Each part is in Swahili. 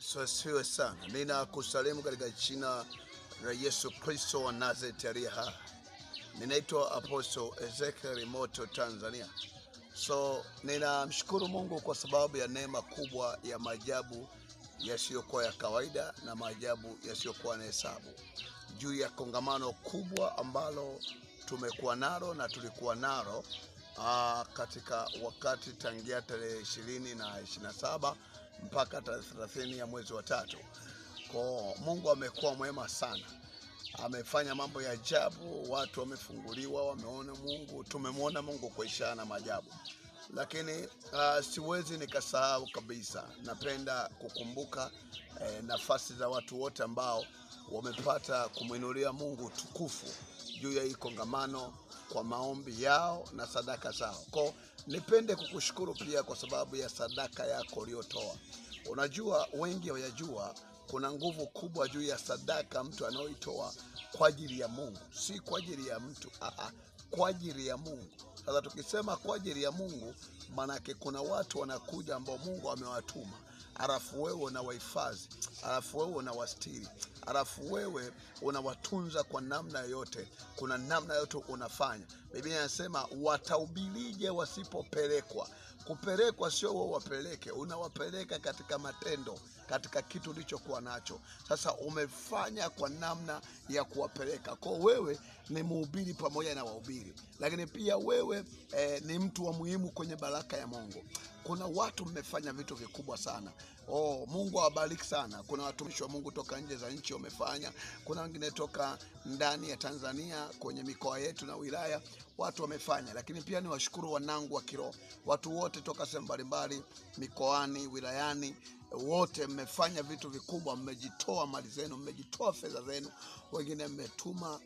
Yesu asiwe sana. Ninakusalimu katika jina la Yesu Kristo wa Nazareti aliye hai. Ninaitwa Apostle Ezekiel Moto Tanzania. So ninamshukuru Mungu kwa sababu ya neema kubwa ya maajabu yasiyokuwa ya kawaida na maajabu yasiyokuwa na hesabu juu ya kongamano kubwa ambalo tumekuwa nalo na tulikuwa nalo katika wakati tangia tarehe ishirini na ishirini na saba mpaka tarehe thelathini ya mwezi wa tatu. Kwa Mungu amekuwa mwema sana, amefanya mambo ya ajabu, watu wamefunguliwa, wameona Mungu, tumemwona Mungu kwa ishara na maajabu. Lakini uh, siwezi nikasahau kabisa, napenda kukumbuka eh, nafasi za watu wote ambao wamepata kumwinulia Mungu tukufu juu ya hii kongamano kwa maombi yao na sadaka zao. Ko, nipende kukushukuru pia kwa sababu ya sadaka yako uliyotoa. Unajua, wengi hawajajua kuna nguvu kubwa juu ya sadaka mtu anayoitoa kwa ajili ya Mungu, si kwa ajili ya mtu aa, kwa ajili ya Mungu. Sasa tukisema kwa ajili ya Mungu, maanake kuna watu wanakuja ambao Mungu amewatuma halafu wewe unawahifadhi, alafu wewe unawastiri, halafu wewe unawatunza kwa namna yote, Kuna namna yote unafanya. Biblia inasema watahubirije wasipopelekwa? Kupelekwa sio wewe wapeleke, unawapeleka katika matendo, katika kitu ulichokuwa nacho. Sasa umefanya kwa namna ya kuwapeleka kwao. Wewe ni mhubiri pamoja na wahubiri, lakini pia wewe eh, ni mtu wa muhimu kwenye baraka ya Mungu. Kuna watu mmefanya vitu vikubwa sana. Oh, Mungu awabariki sana. Kuna watumishi wa Mungu toka nje za nchi wamefanya, kuna wengine toka ndani ya Tanzania kwenye mikoa yetu na wilaya watu wamefanya, lakini pia ni washukuru wanangu wa kiroho, watu wote toka sehemu mbalimbali, mikoani, wilayani wote mmefanya vitu vikubwa, mmejitoa mali zenu, mmejitoa fedha zenu, wengine mmetuma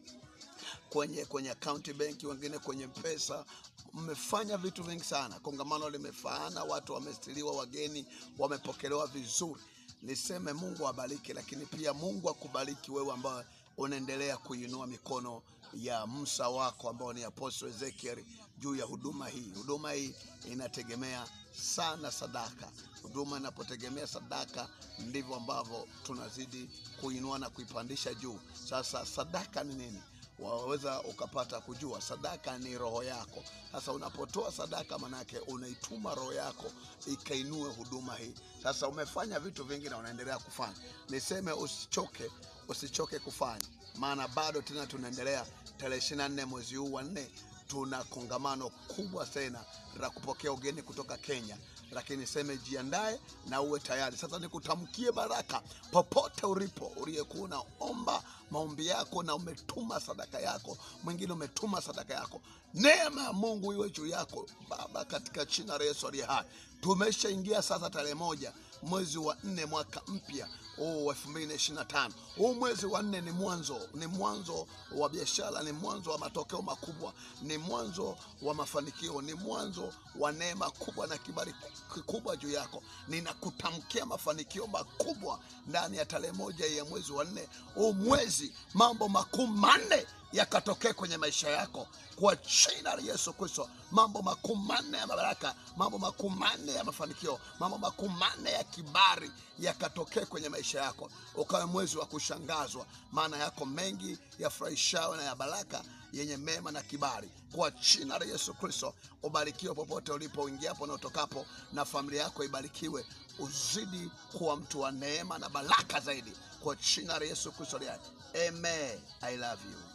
kwenye kwenye akaunti bank, wengine kwenye pesa, mmefanya vitu vingi sana. Kongamano limefaana watu wamestiliwa, wageni wamepokelewa vizuri. Niseme Mungu abariki, lakini pia Mungu akubariki wewe ambaye unaendelea kuinua mikono ya msa wako ambao ni Apostle Ezekiel juu ya huduma hii. Huduma hii inategemea sana sadaka. Huduma inapotegemea sadaka, ndivyo ambavyo tunazidi kuinua na kuipandisha juu. Sasa sadaka ni nini? waweza ukapata kujua sadaka ni roho yako. Sasa unapotoa sadaka, manake unaituma roho yako ikainue huduma hii. Sasa umefanya vitu vingi na unaendelea kufanya. Niseme usichoke, usichoke kufanya, maana bado tena tunaendelea. Tarehe ishirini na nne mwezi huu wa nne tuna kongamano kubwa sana la kupokea ugeni kutoka Kenya, lakini seme jiandae na uwe tayari. Sasa nikutamkie baraka popote ulipo, uliyekuwa unaomba maombi yako na umetuma sadaka yako, mwingine umetuma sadaka yako. Neema ya Mungu iwe juu yako Baba, katika jina la Yesu aliye hai. Tumeshaingia sasa tarehe moja mwezi wa nne mwaka mpya huu elfu mbili na ishirini na tano. Huu mwezi wa nne ni mwanzo, ni mwanzo wa biashara, ni mwanzo wa matokeo makubwa, ni mwanzo wa mafanikio, ni mwanzo wa neema kubwa na kibali kikubwa juu yako. Ninakutamkia mafanikio makubwa ndani ya tarehe moja ya mwezi wa nne, huu mwezi, mambo makuu manne yakatokee kwenye maisha yako kwa jina la Yesu Kristo. Mambo makuu manne ya mabaraka, mambo makuu manne ya mafanikio, mambo makuu manne ya kibali yakatokee kwenye maisha yako, ukawe mwezi wa kushangazwa, maana yako mengi yafurahishayo na ya baraka yenye mema na kibali kwa jina la Yesu Kristo. Ubarikiwe popote ulipo, uingiapo na utokapo, na familia yako ibarikiwe, uzidi kuwa mtu wa neema na baraka zaidi kwa jina la Yesu Kristo. Amen. I love you.